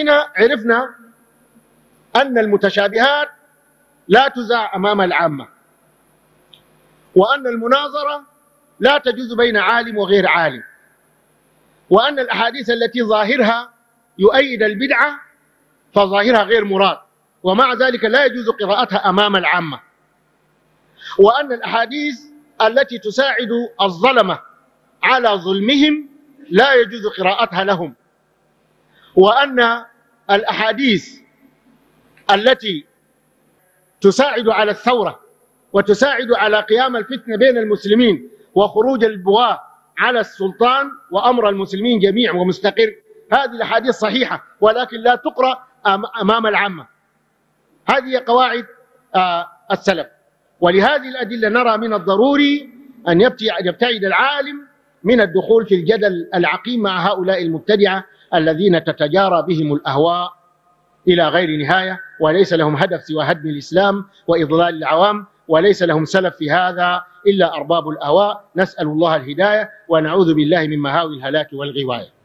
هنا عرفنا أن المتشابهات لا تزاع أمام العامة وأن المناظرة لا تجوز بين عالم وغير عالم وأن الأحاديث التي ظاهرها يؤيد البدعة فظاهرها غير مراد ومع ذلك لا يجوز قراءتها أمام العامة وأن الأحاديث التي تساعد الظلمة على ظلمهم لا يجوز قراءتها لهم وأن الأحاديث التي تساعد على الثورة وتساعد على قيام الفتنة بين المسلمين وخروج البغاة على السلطان وأمر المسلمين جميع ومستقر هذه الأحاديث صحيحة ولكن لا تقرأ أمام العامة هذه قواعد آه، السلف ولهذه الأدلة نرى من الضروري أن يبتعد العالم من الدخول في الجدل العقيم مع هؤلاء المبتدعة الذين تتجارى بهم الأهواء إلى غير نهاية وليس لهم هدف سوى هدم الإسلام وإضلال العوام وليس لهم سلف في هذا إلا أرباب الأهواء نسأل الله الهداية ونعوذ بالله من مهاوي الهلاك والغواية